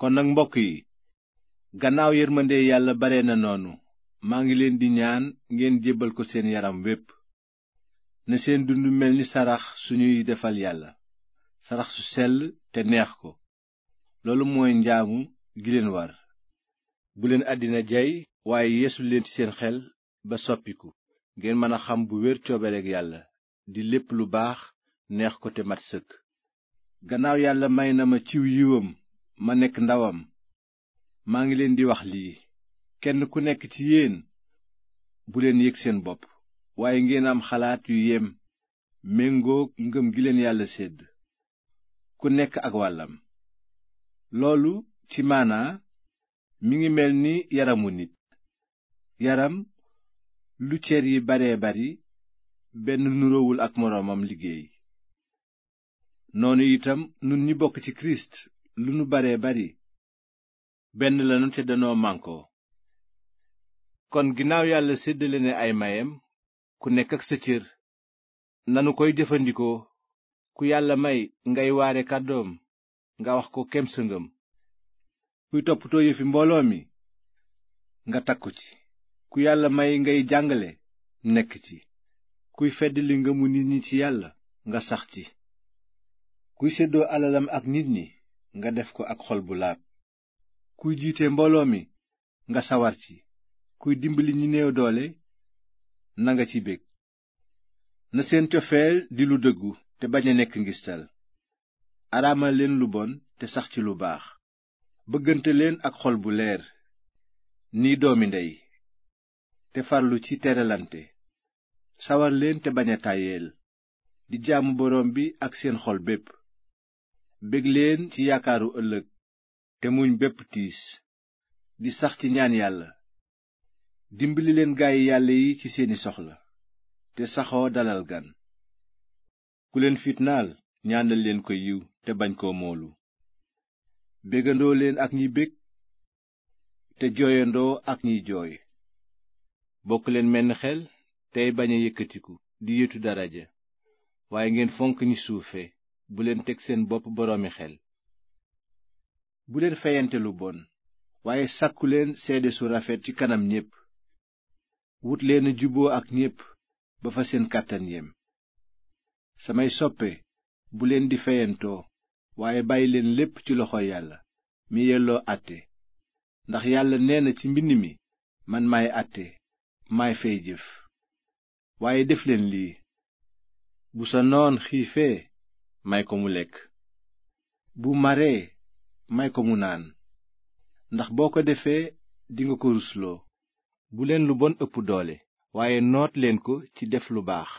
kon nag mbokk yi gannaaw yërmande yàlla bare na noonu maa ngi leen di ñaan ngeen jébbal ko seen yaram wépp na seen dund mel ni sarax suñuy defal yàlla sarax su sell te neex ko loolu mooy njaamu gi leen war bu leen àddina jay waaye yeesu leen ci seen xel ba soppiku ngeen mën a xam bu wér coobereeg yàlla di lépp lu baax neex ko te mat sëkk gannaaw yàlla may na ma ciw yiwam ma nekk ndawam maa ngi leen di wax lii kenn ku nekk ci yéen bu leen yëg seen bopp waaye ngeen am xalaat yu yem méngook ngëm gi leen yàlla sédd ku nekk ak wàllam loolu ci maanaa mi ngi mel ni yaramu nit yaram lu cer yi baree bari benn nuroowul ak moroomam liggéey ci kirist lu nu bare bari benn lanu te danoo mànkoo kon ginnaaw yàlla séddale na ay mayam ku nekk ak sa cër nanu koy jëfandikoo ku yàlla may ngay waare kàddoom nga wax ko kem sa ngëm kuy toppatoo yëfi mbooloo mi nga takku ci ku yàlla may ngay jàngale nekk ci kuy fedd li ngëmu nit ñi ci yàlla nga sax ci kuy séddoo alalam ak nit ñi nga def ko ak xol bu laab kuy jiite mbooloo mi nga sawar ci kuy dimbali ñi néew doole nanga ci bég na seen cofeel di lu dëggu te bañ a nekk ngistal araamal leen lu bon te sax ci lu baax bëggante leen ak xol bu leer nii doomi ndey te farlu ci teralante sawarleen te bañ a tàyyeel di jaamu boroom bi ak seen xol bépp bég leen ci yaakaaru ëllëg te muñ bépp tiis di sax ci ñaan yàlla dimbali leen gay yàlla yi ci seeni soxla te saxoo dalal gan ku leen fitnaal ñaanal leen ko yiw te bañ koo moolu bégandoo leen ak ñi bég te jooyandoo ak ñi jooy bokk leen menn xel tey bañ a yëkkatiku di yetu daraja waaye ngeen fonk ñi suufe buleen teg seen bopp boroomi xel bu leen feyante lu bon waaye sàkku leen seede su rafet ci kanam ñépp wut leen juboo ak ñépp ba fa seen kàttan yem samay soppe buleen di feyantoo waaye bàyyi leen lépp ci loxo yàlla mi yelloo àtte ndax yàlla nee ci mbind mi man maay àtte maay fay jëf waaye def leen lii bu sa noon xiifee may ko mu lekk bu maree may ko mu naan ndax boo ko defee dinga ko rusloo bu leen lu bon ëpp doole waaye noot leen ko ci def lu baax